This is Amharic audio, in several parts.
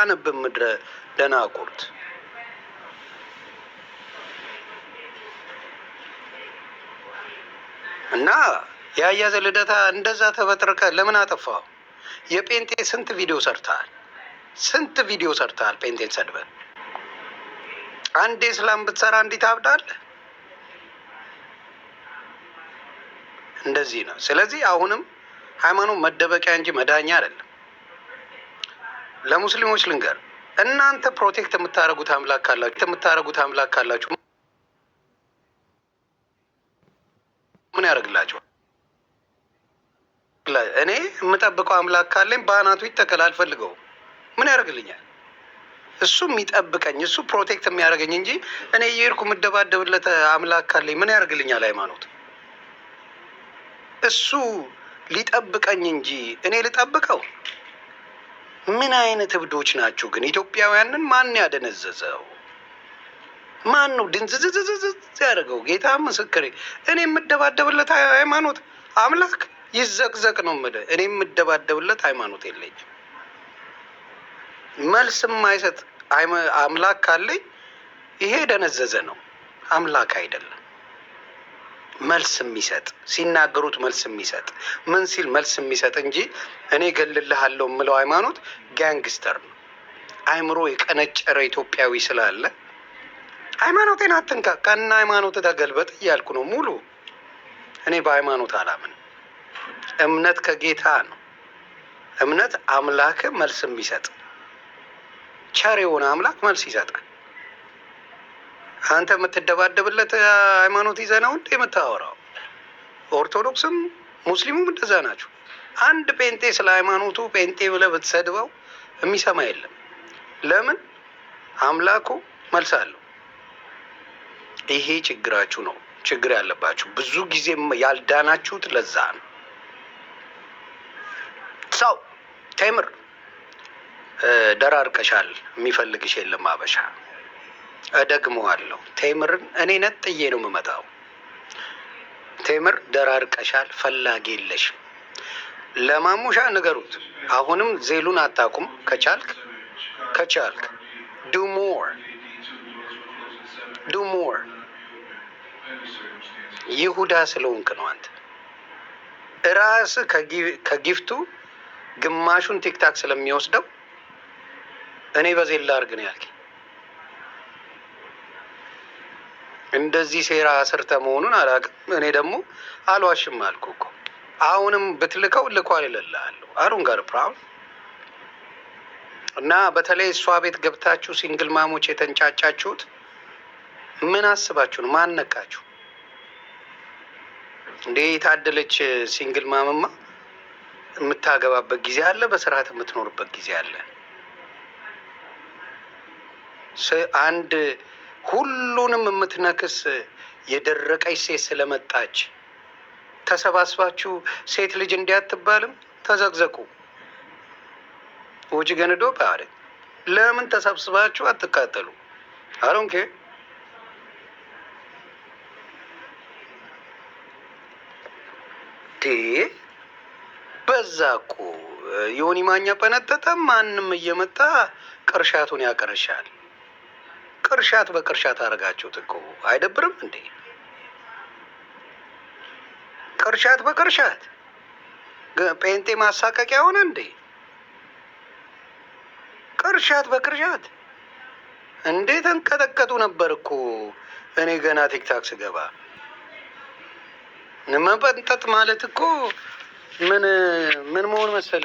አነብም ምድረ ደናቁርት እና የአያዘ ልደታ እንደዛ ተበትርከ ለምን አጠፋው? የጴንጤ ስንት ቪዲዮ ሰርተሃል? ስንት ቪዲዮ ሰርተሃል? ጴንጤን ሰድበ? አንዴ ስላም ብትሰራ እንዴት አብዳለህ? እንደዚህ ነው። ስለዚህ አሁንም ሃይማኖት መደበቂያ እንጂ መዳኛ አይደለም። ለሙስሊሞች ልንገር፣ እናንተ ፕሮቴክት የምታደረጉት አምላክ ካላችሁ የምታደረጉት አምላክ ካላችሁ ምን ያደርግላቸዋል? እኔ የምጠብቀው አምላክ ካለኝ በአናቱ ይተከል አልፈልገውም። ምን ያደርግልኛል? እሱ የሚጠብቀኝ እሱ ፕሮቴክት የሚያደርገኝ እንጂ እኔ የሄድኩ የምደባደብለት አምላክ ካለኝ ምን ያደርግልኛል? ሃይማኖት እሱ ሊጠብቀኝ እንጂ እኔ ልጠብቀው ምን አይነት እብዶች ናቸው ግን? ኢትዮጵያውያንን ማን ያደነዘዘው? ማን ነው ድንዝዝዝዝዝ ያደርገው? ጌታ ምስክሬ፣ እኔ የምደባደብለት ሃይማኖት አምላክ ይዘቅዘቅ ነው የምልህ። እኔ የምደባደብለት ሃይማኖት የለኝም። መልስ የማይሰጥ አምላክ ካለኝ ይሄ ደነዘዘ ነው፣ አምላክ አይደለም። መልስ የሚሰጥ ሲናገሩት መልስ የሚሰጥ ምን ሲል መልስ የሚሰጥ እንጂ እኔ ገልልሃለሁ የምለው ሃይማኖት ጋንግስተር ነው። አይምሮ የቀነጨረ ኢትዮጵያዊ ስላለ ሃይማኖቴን አትንካ ከና ሃይማኖት ተገልበጥ እያልኩ ነው። ሙሉ እኔ በሃይማኖት አላምን። እምነት ከጌታ ነው። እምነት አምላክ መልስ የሚሰጥ ቸር የሆነ አምላክ መልስ ይሰጣል። አንተ የምትደባደብለት ሃይማኖት ይዘ ነው እንዴ የምታወራው? ኦርቶዶክስም ሙስሊሙም እንደዛ ናቸው። አንድ ጴንጤ ስለ ሃይማኖቱ ጴንጤ ብለ ብትሰድበው የሚሰማ የለም። ለምን? አምላኩ መልስ አለው። ይሄ ችግራችሁ ነው፣ ችግር ያለባችሁ ብዙ ጊዜ ያልዳናችሁት ለዛ ነው። ሰው ቴምር ደራርቀሻል፣ የሚፈልግሽ የለም አበሻ እደግመዋለሁ። ቴምርን እኔ ነጥዬ ነው የምመጣው። ቴምር ደራርቀሻል፣ ፈላጊ የለሽ። ለማሙሻ ንገሩት። አሁንም ዜሉን አታቁም። ከቻልክ ከቻልክ ዱ ሞር ዱ ሞር። ይሁዳ ስለሆንክ ነው አንተ እራስ ከጊፍቱ ግማሹን ቲክታክ ስለሚወስደው እኔ በዜል ላድርግ ነው ያልከኝ። እንደዚህ ሴራ አስርተ መሆኑን አላውቅም። እኔ ደግሞ አልዋሽም አልኩ እኮ አሁንም ብትልከው ልኳል ይለልሃለሁ። አሩን ጋር ፕራም እና በተለይ እሷ ቤት ገብታችሁ ሲንግል ማሞች የተንጫጫችሁት ምን አስባችሁ ነው? ማን ነካችሁ እንዴ? የታደለች ሲንግል ማምማ የምታገባበት ጊዜ አለ፣ በስርዓት የምትኖርበት ጊዜ አለ። አንድ ሁሉንም የምትነክስ የደረቀች ሴት ስለመጣች ተሰባስባችሁ ሴት ልጅ እንዲያትባልም ተዘግዘቁ ውጭ ገንዶ ባለ ለምን ተሰብስባችሁ አትቃጠሉ? አሮንኬ ዴ በዛ እኮ ዮኒ ማኛ በነጠጠ ማንም እየመጣ ቅርሻቱን ያቀርሻል። ቅርሻት በቅርሻት አደረጋችሁት እኮ አይደብርም እንዴ? ቅርሻት በቅርሻት ጴንጤ ማሳቀቂያ ሆነ እንዴ? ቅርሻት በቅርሻት እንዴት እንቀጠቀጡ ነበር እኮ እኔ ገና ቲክታክ ስገባ። መመንጠጥ ማለት እኮ ምን ምን መሆን መሰለ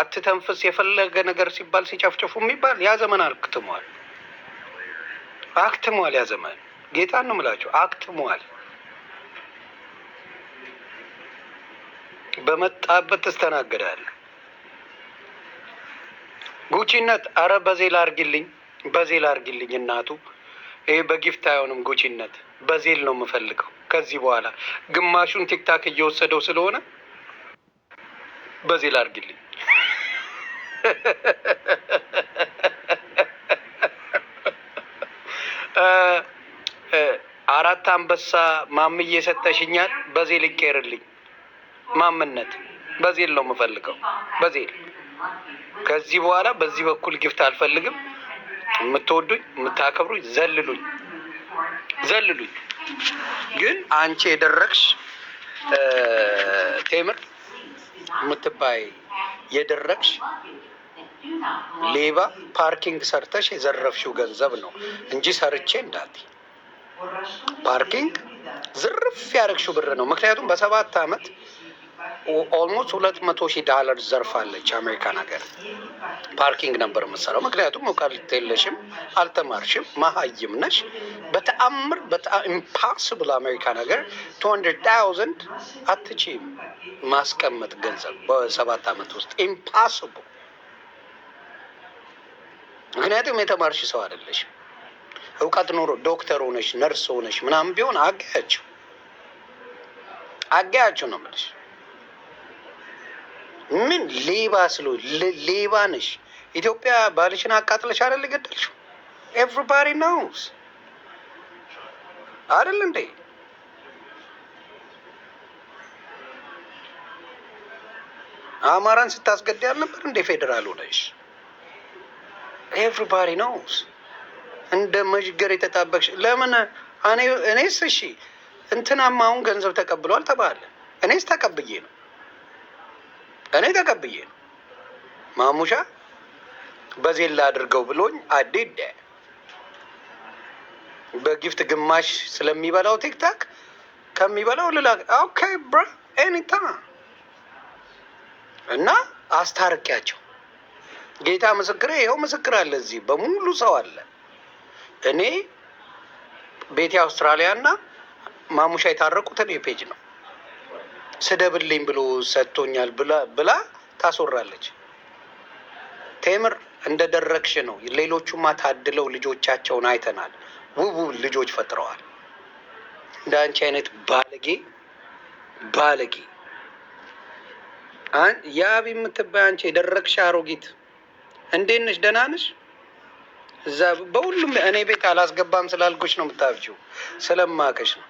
አትተንፍስ የፈለገ ነገር ሲባል ሲጨፍጭፉ የሚባል ያ ዘመን አክትሟል፣ አክትሟል። ያ ዘመን ጌታን ነው የምላቸው አክትሟል። በመጣበት ትስተናገዳለ። ጉቺነት አረ በዜል አርጊልኝ፣ በዜል አርጊልኝ እናቱ ይህ በጊፍት አይሆንም። ጉቺነት በዜል ነው የምፈልገው። ከዚህ በኋላ ግማሹን ቲክታክ እየወሰደው ስለሆነ በዜል አርጊልኝ። አራት አንበሳ ማም የሰጠሽኛል። በዜል ይቀርልኝ ማምነት በዜል ነው የምፈልገው። በዜል ከዚህ በኋላ በዚህ በኩል ግፍት አልፈልግም። የምትወዱኝ የምታከብሩኝ፣ ዘልሉኝ ዘልሉኝ። ግን አንቺ የደረግሽ ቴምር የምትባይ የደረግሽ ሌባ ፓርኪንግ ሰርተሽ የዘረፍሽው ገንዘብ ነው እንጂ ሰርቼ እንዳት ፓርኪንግ ዝርፍ ያደረግሽው ብር ነው። ምክንያቱም በሰባት አመት። ኦልሞስት ሁለት መቶ ሺህ ዳለር ዘርፋለች አሜሪካን ሀገር። ፓርኪንግ ነበር የምትሰራው፣ ምክንያቱም እውቀት የለሽም፣ አልተማርሽም፣ መሀይም ነሽ። በተአምር ኢምፓስብል አሜሪካን ሀገር ቱ ሀንድርድ ታውዘንድ አትችይም ማስቀመጥ ገንዘብ በሰባት ዓመት ውስጥ ኢምፓስብል። ምክንያቱም የተማርሽ ሰው አይደለሽ። እውቀት ኖሮ ዶክተር ሆነሽ ነርስ ሆነሽ ምናምን ቢሆን አጋያችሁ አጋያችሁ ነው የምልሽ። ምን ሌባ ስለ ሌባ ነሽ። ኢትዮጵያ ባልሽን አቃጥለሽ አይደል ገደልሽው? ኤቭሪባዲ ኖውስ አይደል እንዴ? አማራን ስታስገድ ያልነበር እንደ ፌዴራል ነሽ። ኤቭሪባዲ ኖውስ እንደ መዥገር የተጣበቅሽ ለምን? እኔስ እሺ እንትናማ አሁን ገንዘብ ተቀብሏል ተባለ። እኔስ ተቀብዬ ነው እኔ ተቀብዬ ነው ማሙሻ በዜላ አድርገው ብሎኝ አዴደ በጊፍት ግማሽ ስለሚበላው ቲክታክ ከሚበላው ልላ ኦኬ ብራ ኤኒታ እና አስታርቂያቸው። ጌታ ምስክሬ፣ ይኸው ምስክር አለ፣ እዚህ በሙሉ ሰው አለ። እኔ ቤቴ አውስትራሊያ እና ማሙሻ የታረቁትን እኔ ፔጅ ነው። ስደብልኝ ብሎ ሰጥቶኛል ብላ ታስወራለች። ቴምር እንደ ደረክሽ ነው። ሌሎቹማ ታድለው ልጆቻቸውን አይተናል። ውብ ውብ ልጆች ፈጥረዋል። እንደ አንቺ አይነት ባለጌ ባለጌ ያብ የምትባይ አንቺ የደረቅሽ አሮጊት እንዴት ነሽ? ደህና ነሽ? እዛ በሁሉም እኔ ቤት አላስገባም ስላልኩሽ ነው የምታብጂው፣ ስለማከሽ ነው።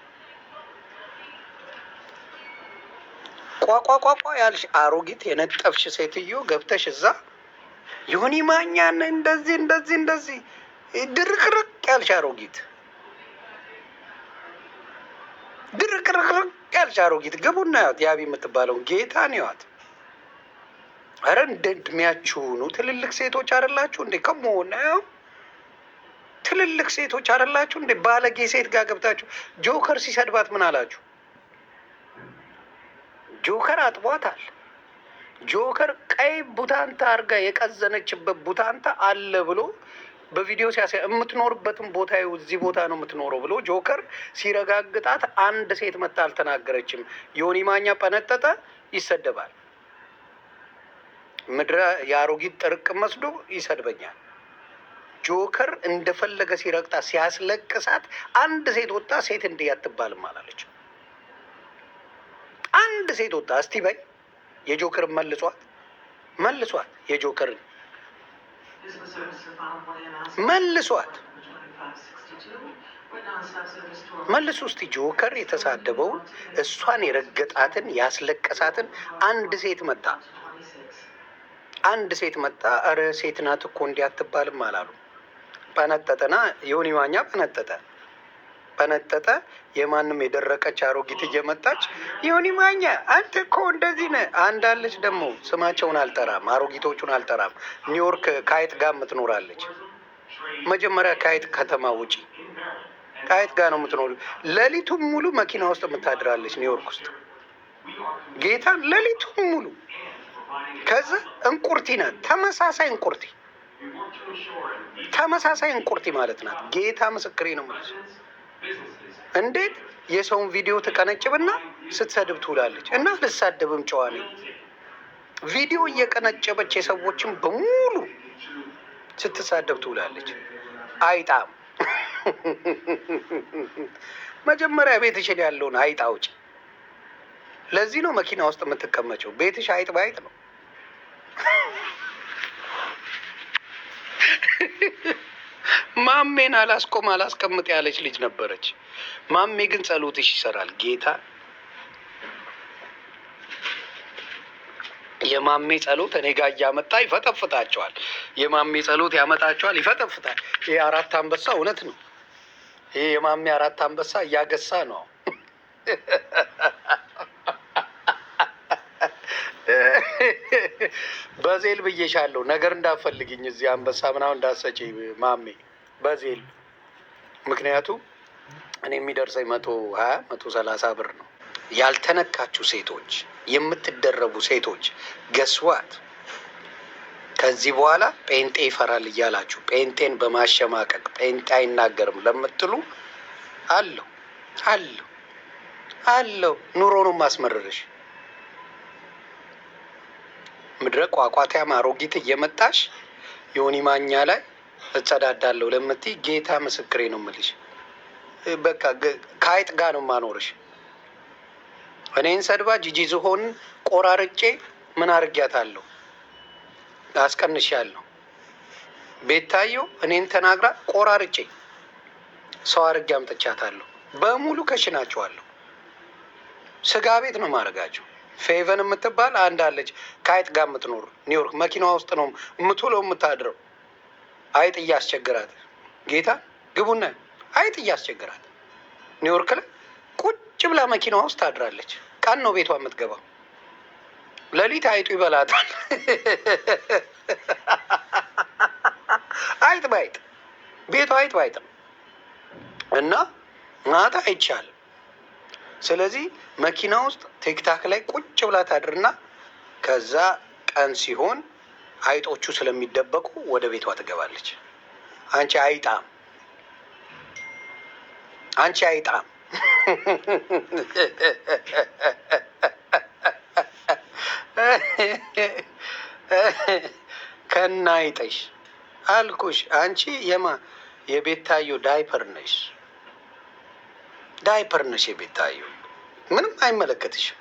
ቋቋቋቋ ያልሽ አሮጊት የነጠፍሽ ሴትዮ ገብተሽ እዛ ዮኒ ማኛን እንደዚህ እንደዚህ እንደዚህ ድርቅርቅ ያልሽ አሮጊት ድርቅርቅርቅ ያልሽ አሮጊት ግቡና ያት ያቢ የምትባለውን ጌታን ያዋት። አረ እንደ እድሜያችሁኑ ትልልቅ ሴቶች አይደላችሁ እንዴ? ከመሆነ ትልልቅ ሴቶች አይደላችሁ እንዴ? ባለጌ ሴት ጋር ገብታችሁ ጆከር ሲሰድባት ምን አላችሁ? ጆከር አጥቧታል። ጆከር ቀይ ቡታንታ አድርጋ የቀዘነችበት ቡታንታ አለ ብሎ በቪዲዮ ሲያሳይ የምትኖርበትን ቦታ እዚህ ቦታ ነው የምትኖረው ብሎ ጆከር ሲረጋግጣት አንድ ሴት መታ አልተናገረችም። ዮኒ ማኛ ጠነጠጠ፣ ይሰደባል። ምድረ የአሮጊት ጥርቅ መስዶ ይሰድበኛል። ጆከር እንደፈለገ ሲረግጣት ሲያስለቅሳት አንድ ሴት ወጣ ሴት እንዲህ አትባልም አላለች። አንድ ሴት ወጣ እስቲ በይ የጆከርን መልሷት፣ መልሷት፣ የጆከርን መልሷት፣ መልሱ እስቲ ጆከር የተሳደበውን እሷን የረገጣትን ያስለቀሳትን አንድ ሴት መጣ አንድ ሴት መጣ። እረ ሴት ናት እኮ እንዲህ አትባልም አላሉ። በነጠጠና የሆነ ዋኛ በነጠጠ የተፈነጠጠ የማንም የደረቀች አሮጊት እየመጣች ዮኒ ማኛ አንተ እኮ እንደዚህ ነህ። አንዳለች ደግሞ ስማቸውን አልጠራም፣ አሮጊቶቹን አልጠራም። ኒውዮርክ ከአይጥ ጋር የምትኖራለች። መጀመሪያ ከአይጥ ከተማ ውጪ ከአይጥ ጋር ነው የምትኖሩ። ሌሊቱን ሙሉ መኪና ውስጥ የምታድራለች ኒውዮርክ ውስጥ ጌታን ሌሊቱን ሙሉ ከዛ እንቁርቲ ናት። ተመሳሳይ እንቁርቲ ተመሳሳይ እንቁርቲ ማለት ናት። ጌታ ምስክሬ ነው ማለት እንዴት የሰውን ቪዲዮ ትቀነጭብና ስትሰድብ ትውላለች? እና ልሳደብም ጨዋ ነኝ። ቪዲዮ እየቀነጨበች የሰዎችን በሙሉ ስትሳደብ ትውላለች። አይጣም መጀመሪያ ቤትሽን ያለውን አይጣ ለዚህ ነው መኪና ውስጥ የምትቀመጨው። ቤትሽ አይጥ በአይጥ ነው። ማሜን አላስቆም አላስቀምጥ ያለች ልጅ ነበረች። ማሜ ግን ጸሎትሽ ይሰራል ጌታ የማሜ ጸሎት እኔ ጋር እያመጣ ይፈጠፍጣቸዋል። የማሜ ጸሎት ያመጣቸዋል፣ ይፈጠፍጣል። ይህ አራት አንበሳ እውነት ነው። ይህ የማሜ አራት አንበሳ እያገሳ ነው። በዜል ብዬሻለሁ። ነገር እንዳፈልግኝ እዚህ አንበሳ ምናምን እንዳሰጪ ማሜ በዜል ምክንያቱም እኔ የሚደርሰኝ መቶ ሀያ መቶ ሰላሳ ብር ነው። ያልተነካችሁ ሴቶች የምትደረቡ ሴቶች ገስዋት ከዚህ በኋላ ጴንጤ ይፈራል እያላችሁ ጴንጤን በማሸማቀቅ ጴንጤ አይናገርም ለምትሉ አለው አለው አለው ኑሮንም አስመረረሽ ምድረ ቋቋቲያም አሮጊት እየመጣሽ ዮኒ ማኛ ላይ እጸዳዳለሁ ለምትይ ጌታ ምስክሬ ነው የምልሽ። በቃ ከአይጥ ጋር ነው ማኖርሽ። እኔን ሰድባ ጂጂ ዝሆን ቆራርጬ ምን አርጊያታለሁ? አስቀንሻለሁ። ቤታየው እኔን ተናግራ ቆራርጬ ሰው አርጌ አምጥቻታለሁ። በሙሉ ከሽናቸዋለሁ። ስጋ ቤት ነው ማድረጋቸው። ፌቨን የምትባል አንድ አለች ከአይጥ ጋር የምትኖር ኒውዮርክ መኪናዋ ውስጥ ነው የምትውለው የምታድረው። አይጥ እያስቸገራት ጌታ ግቡነ አይጥ እያስቸገራት ኒውዮርክ ላይ ቁጭ ብላ መኪናዋ ውስጥ ታድራለች። ቀን ነው ቤቷ የምትገባው። ሌሊት አይጡ ይበላታል። አይጥ በአይጥ ቤቷ አይጥ ነው እና ማታ አይቻል ስለዚህ መኪና ውስጥ ቲክታክ ላይ ቁጭ ብላ ታድርና ከዛ ቀን ሲሆን አይጦቹ ስለሚደበቁ ወደ ቤቷ ትገባለች። አንቺ አይጣም፣ አንቺ አይጣም፣ ከና አይጠሽ አልኩሽ። አንቺ የማ የቤታዩ ዳይፐር ነሽ፣ ዳይፐር ነሽ የቤታዩ ምንም አይመለከትሽም።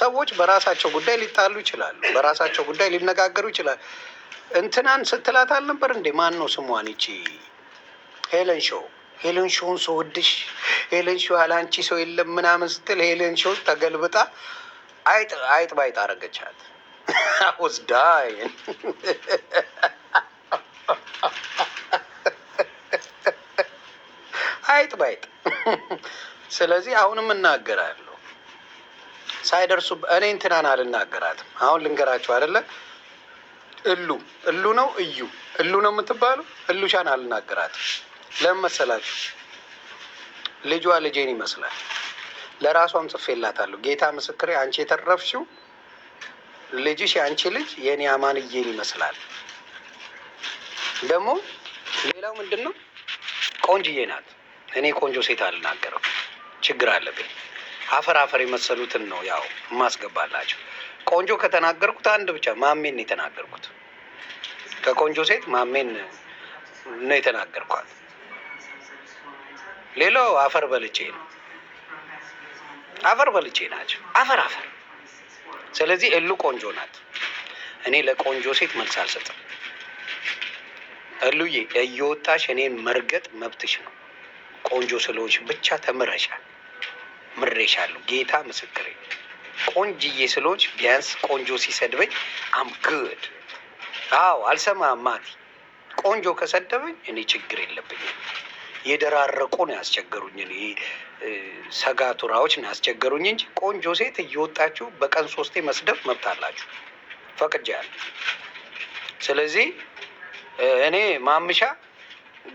ሰዎች በራሳቸው ጉዳይ ሊጣሉ ይችላሉ። በራሳቸው ጉዳይ ሊነጋገሩ ይችላሉ። እንትናን ስትላት አልነበር እንዴ? ማን ነው ስሟን? ይቺ ሄለን ሾው ሄለን ሾውን ስወድሽ፣ ሄለን ሾው አላንቺ ሰው የለም ምናምን ስትል ሄለን ሾው ተገልብጣ አይጥ አይጥ ባይጥ አረገቻት። ወስዳ አይጥ ባይጥ። ስለዚህ አሁንም እናገራለሁ ሳይደርሱ እኔ እንትናን አልናገራትም። አሁን ልንገራችሁ አይደለ እሉ እሉ ነው እዩ እሉ ነው የምትባሉ እሉሻን አልናገራትም። ለምን መሰላችሁ? ልጇ ልጄን ይመስላል። ለራሷም ጽፌላታለሁ። ጌታ ምስክሬ፣ አንቺ የተረፍሽው ልጅሽ የአንቺ ልጅ የእኔ አማንዬን ይመስላል። ደግሞ ሌላው ምንድን ነው ቆንጅዬ ናት። እኔ ቆንጆ ሴት አልናገረው ችግር አለብኝ። አፈር አፈር የመሰሉትን ነው ያው የማስገባላቸው። ቆንጆ ከተናገርኩት አንድ ብቻ ማሜን ነው የተናገርኩት። ከቆንጆ ሴት ማሜን ነው የተናገርኳት። ሌላው አፈር በልቼ ነው አፈር በልቼ ናቸው አፈር አፈር። ስለዚህ እሉ ቆንጆ ናት። እኔ ለቆንጆ ሴት መልስ አልሰጥም። እሉዬ እየወጣሽ እኔን መርገጥ መብትሽ ነው። ቆንጆ ስለሆንሽ ብቻ ተምረሻል። ምሬሻለሁ። ጌታ ምስክሬ ቆንጅዬ ስሎች ቢያንስ ቆንጆ ሲሰድበኝ አም ግድ አዎ አልሰማም። ማቲ ቆንጆ ከሰደበኝ እኔ ችግር የለብኝም። የደራረቁ ነው ያስቸገሩኝ። እኔ ሰጋቱራዎች ነው ያስቸገሩኝ እንጂ ቆንጆ ሴት እየወጣችሁ በቀን ሶስቴ መስደብ መብት አላችሁ፣ ፈቅጃለሁ። ስለዚህ እኔ ማምሻ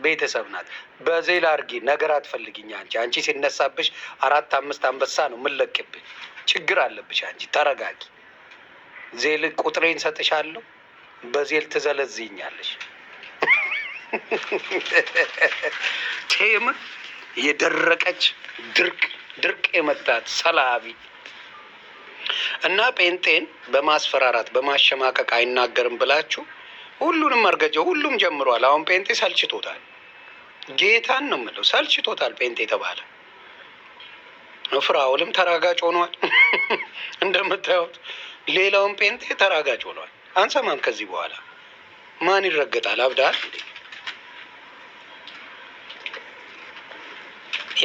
ቤተሰብ ናት። በዜል አርጊ ነገር አትፈልግኝ አንቺ አንቺ ሲነሳብሽ አራት አምስት አንበሳ ነው የምንለቅብኝ። ችግር አለብሽ አንቺ ተረጋጊ። ዜል ቁጥሬን ሰጥሻለሁ። በዜል ትዘለዝኛለሽ። ቴም የደረቀች ድርቅ ድርቅ የመታት ሰላቢ እና ጴንጤን በማስፈራራት በማሸማቀቅ አይናገርም ብላችሁ ሁሉንም መርገጃ ሁሉም ጀምሯል። አሁን ጴንጤ ሰልችቶታል። ጌታን ነው የምለው ሰልችቶታል። ጴንጤ የተባለ ፍራውልም ተራጋጭ ሆኗል። እንደምታዩት ሌላውን ጴንጤ ተራጋጭ ሆኗል። አንሰማም ከዚህ በኋላ ማን ይረገጣል? አብዳል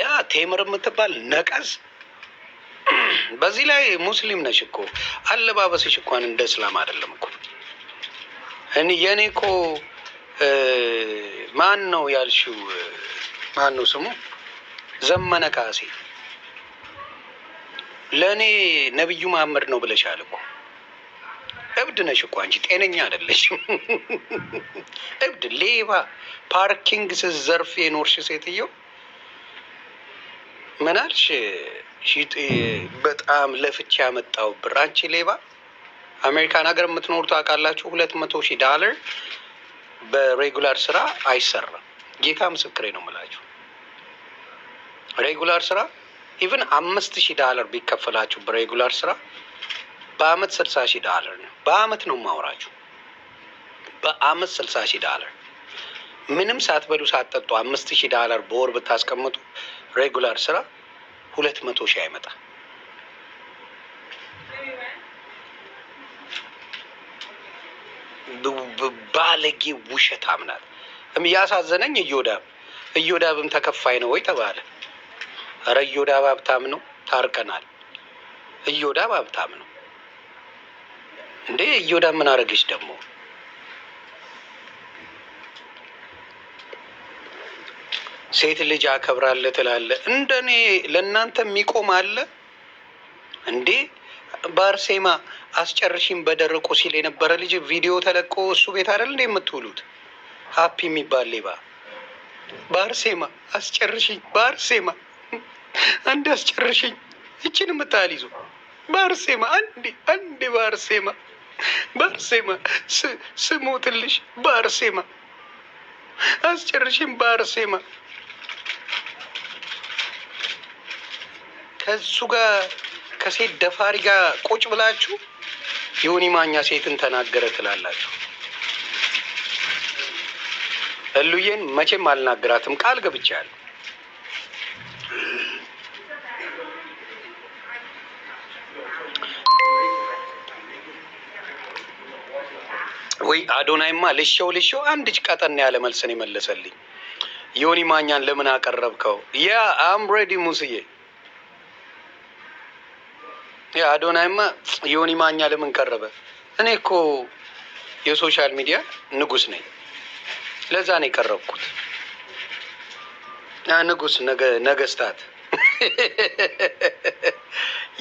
ያ ቴምር የምትባል ነቀዝ በዚህ ላይ ሙስሊም ነሽ እኮ አለባበስሽ እንኳን እንደ እስላም አይደለም እኮ የኔ እኮ ማን ነው ያልሽው? ማን ነው ስሙ? ዘመነ ካሴ ለእኔ ነብዩ ማመድ ነው ብለሻል እኮ። እብድ ነሽ እኮ አንቺ፣ ጤነኛ አይደለሽም። እብድ፣ ሌባ፣ ፓርኪንግ ስትዘርፍ የኖርሽ ሴትዮ ምን አልሽ? በጣም ለፍቼ ያመጣው ብር አንቺ ሌባ አሜሪካን ሀገር የምትኖሩ ታውቃላችሁ፣ ሁለት መቶ ሺህ ዳለር በሬጉላር ስራ አይሰራም። ጌታ ምስክሬ ነው የምላችሁ። ሬጉላር ስራ ኢቨን አምስት ሺህ ዳለር ቢከፈላችሁ በሬጉላር ስራ በአመት ስልሳ ሺህ ዳለር ነው። በአመት ነው የማወራችሁ። በአመት ስልሳ ሺህ ዳለር ምንም ሳትበሉ ሳትጠጡ አምስት ሺህ ዳለር በወር ብታስቀምጡ ሬጉላር ስራ ሁለት መቶ ሺህ አይመጣ ባለጌ ውሸታም ናት። ያሳዘነኝ እዮዳብ እዮዳብም ተከፋይ ነው ወይ ተባለ። ኧረ እዮዳብ ሀብታም ነው፣ ታርቀናል። እዮዳብ ሀብታም ነው እንዴ? እዮዳብ ምን አደረገች ደግሞ? ሴት ልጅ አከብራለ ትላለ እንደኔ ለእናንተ የሚቆም አለ እንዴ? ባርሴማ አስጨርሽም በደረቁ ሲል የነበረ ልጅ ቪዲዮ ተለቆ እሱ ቤት አይደል እንደ የምትውሉት ሀፒ የሚባል ሌባ ባርሴማ አስጨርሽኝ፣ ባርሴማ አንድ አስጨርሽኝ፣ ይችን የምታህል ይዞ ባርሴማ አንዴ አንዴ ባርሴማ ባርሴማ ስሞትልሽ ባርሴማ አስጨርሽኝ ባርሴማ ከሱ ጋር ከሴት ደፋሪ ጋር ቁጭ ብላችሁ የሆኒ ማኛ ሴትን ተናገረ ትላላችሁ። እሉዬን መቼም አልናገራትም ቃል ገብቻለሁ። ወይ አዶናይማ ልሸው ልሸው አንድች ቀጠን ያለ መልስን የመለሰልኝ ዮኒ ማኛን ለምን አቀረብከው? ያ አምሬዲ ሙስዬ አዶናይማ ዮኒ ማኛ ለምን ቀረበ? እኔ እኮ የሶሻል ሚዲያ ንጉስ ነኝ። ለዛ ነው የቀረብኩት። ንጉስ ነገስታት፣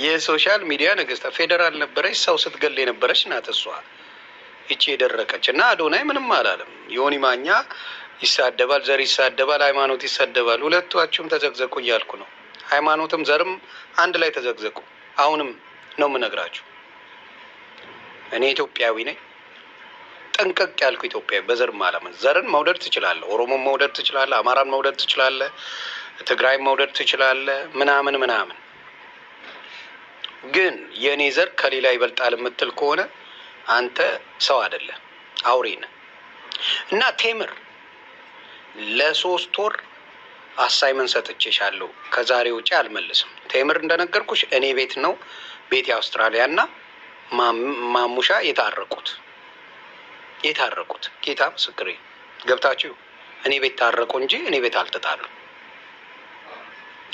የሶሻል ሚዲያ ነገስታት ፌዴራል ነበረች። ሰው ስትገል የነበረች ናት እሷ ይቺ የደረቀች እና አዶናይ ምንም አላለም። ዮኒ ማኛ ይሳደባል፣ ዘር ይሳደባል፣ ሃይማኖት ይሳደባል። ሁለቷችሁም ተዘግዘቁ እያልኩ ነው። ሃይማኖትም ዘርም አንድ ላይ ተዘግዘቁ። አሁንም ነው የምነግራችሁ። እኔ ኢትዮጵያዊ ነኝ፣ ጠንቀቅ ያልኩ ኢትዮጵያዊ። በዘር ማለምን ዘርን መውደድ ትችላለህ፣ ኦሮሞን መውደድ ትችላለህ፣ አማራን መውደድ ትችላለህ፣ ትግራይን መውደድ ትችላለህ፣ ምናምን ምናምን። ግን የእኔ ዘር ከሌላ ይበልጣል የምትል ከሆነ አንተ ሰው አይደለህ፣ አውሬ ነህ። እና ቴምር ለሶስት ወር አሳይመንት ሰጥቼሻለሁ። ከዛሬ ውጪ አልመልስም። ቴምር እንደነገርኩሽ እኔ ቤት ነው ቤት አውስትራሊያ እና ማሙሻ የታረቁት የታረቁት ጌታ ምስክሬ ገብታችሁ እኔ ቤት ታረቁ እንጂ እኔ ቤት አልተጣሉ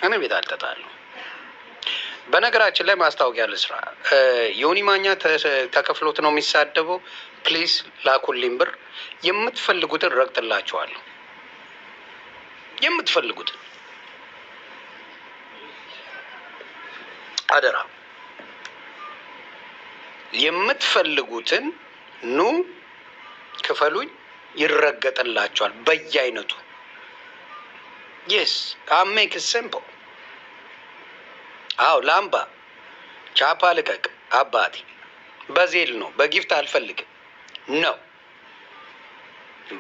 እኔ ቤት አልተጣሉ። በነገራችን ላይ ማስታወቂያ ልስራ። ዮኒ ማኛ ተከፍሎት ነው የሚሳደበው። ፕሊስ ላኩልኝ ብር፣ የምትፈልጉትን ረግጥላችኋለሁ። የምትፈልጉት አደራ የምትፈልጉትን ኑ ክፈሉኝ፣ ይረገጥላቸዋል በየአይነቱ። የስ አሜክ ሲምፕል አዎ፣ ላምባ ቻፓ ልቀቅ አባቴ። በዜል ነው በጊፍት አልፈልግም ነው።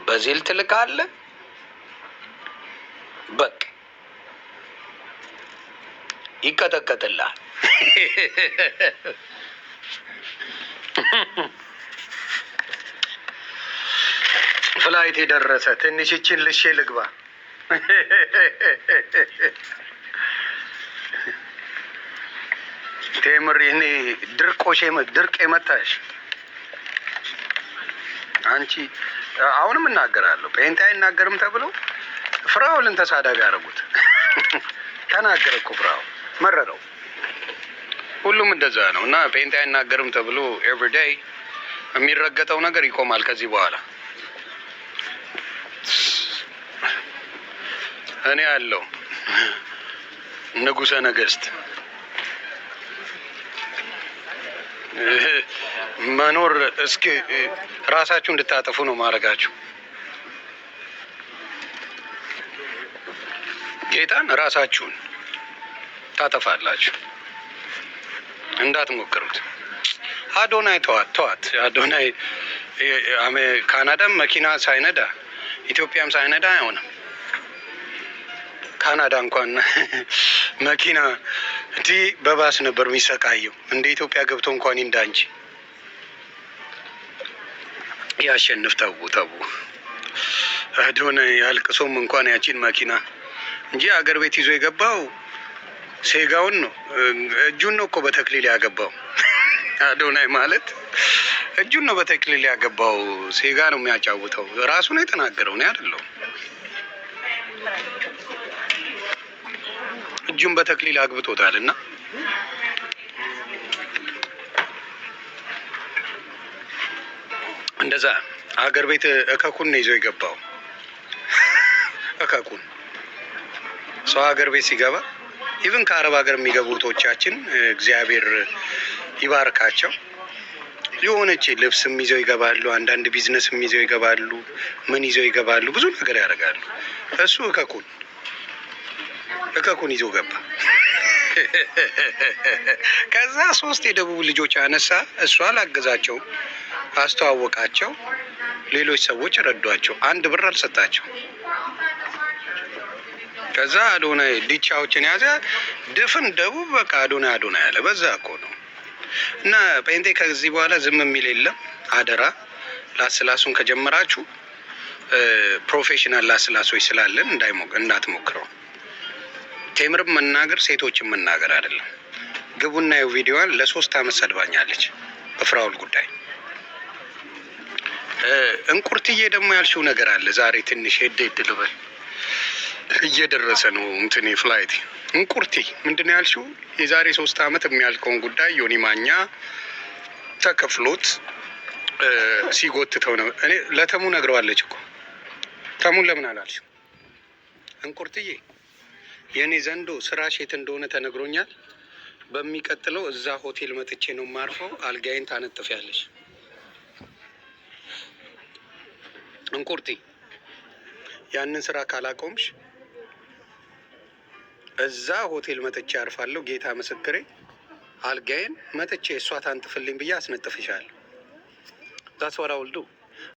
በዜል ትልካለህ። በቃ ይቀጠቀጥላል። ፍላይት የደረሰ ትንሽችን ልሼ ልግባ። ቴምር እኔ ድርቆሽ ድርቅ የመታሽ አንቺ አሁንም እናገራለሁ ጴንጤ አይናገርም ተብሎ ፍራውልን ተሳዳቢ ያደረጉት ተናገረ እኮ ፍራው መረረው። ሁሉም እንደዛ ነው እና ጴንጤ አይናገርም ተብሎ ኤቭሪዴይ የሚረገጠው ነገር ይቆማል ከዚህ በኋላ እኔ አለው ንጉሰ ነገስት መኖር እስኪ ራሳችሁ እንድታጠፉ ነው ማድረጋችሁ። ጌታን ራሳችሁን ታጠፋላችሁ። እንዳትሞክሩት። አዶናይ ተዋት ተዋት። አዶናይ ካናዳም መኪና ሳይነዳ ኢትዮጵያም ሳይነዳ አይሆንም። ካናዳ እንኳን መኪና እንዲህ በባስ ነበር የሚሰቃየው። እንደ ኢትዮጵያ ገብቶ እንኳን ይንዳ እንጂ ያሸንፍ። ተዉ ተዉ። አዶናይ አልቅሶም እንኳን ያቺን መኪና እንጂ አገር ቤት ይዞ የገባው ሴጋውን ነው። እጁን ነው እኮ በተክሊል ያገባው። አዶናይ ማለት እጁን ነው በተክሊል ያገባው። ሴጋ ነው የሚያጫውተው። ራሱ ነው የተናገረው፣ እኔ አይደለሁም። እጁን በተክሊል አግብቶታል እና እንደዛ አገር ቤት እከኩን ነው ይዞ የገባው እከኩን ሰው ሀገር ቤት ሲገባ ኢቭን ከአረብ ሀገር የሚገቡ እህቶቻችን እግዚአብሔር ይባርካቸው። የሆነች ልብስም ይዘው ይገባሉ፣ አንዳንድ ቢዝነስም ይዘው ይገባሉ፣ ምን ይዘው ይገባሉ፣ ብዙ ነገር ያደርጋሉ። እሱ እከኩን እከኩን ይዞ ገባ። ከዛ ሶስት የደቡብ ልጆች አነሳ። እሱ አላገዛቸው፣ አስተዋወቃቸው። ሌሎች ሰዎች ረዷቸው። አንድ ብር አልሰጣቸው። ከዛ አዶናይ ዲቻዎችን ያዘ። ድፍን ደቡብ በቃ አዶናይ አዶናይ ያለ በዛ እኮ ነው። እና ጴንጤ ከዚህ በኋላ ዝም የሚል የለም። አደራ ላስላሱን ከጀመራችሁ ፕሮፌሽናል ላስላሶች ስላለን እንዳትሞክረው። ቴምርም መናገር ሴቶችን መናገር አይደለም። ግቡና የው ቪዲዮዋን ለሶስት አመት ሰድባኛለች በፍራውል ጉዳይ። እንቁርትዬ ደግሞ ያልሽው ነገር አለ ዛሬ ትንሽ ሄድ ሄድ ልበል እየደረሰ ነው እንትን ፍላይት እንቁርቲ ምንድን ያልሽው የዛሬ ሶስት አመት የሚያልቀውን ጉዳይ ዮኒ ማኛ ተከፍሎት ሲጎትተው ነው። እኔ ለተሙ ነግረዋለች እኮ ተሙን ለምን አላልሽው? እንቁርትዬ የእኔ ዘንዶ ስራ ሼት እንደሆነ ተነግሮኛል። በሚቀጥለው እዛ ሆቴል መጥቼ ነው ማርፈው። ታነጥፍ ያለች እንቁርቲ። ያንን ስራ ካላቆምሽ እዛ ሆቴል መጥቼ አርፋለሁ። ጌታ ምስክሬ አልጋዬን መጥቼ እሷ ታንጥፍልኝ ብዬ አስነጥፍሻለሁ። ዛስ ወራ ውልዱ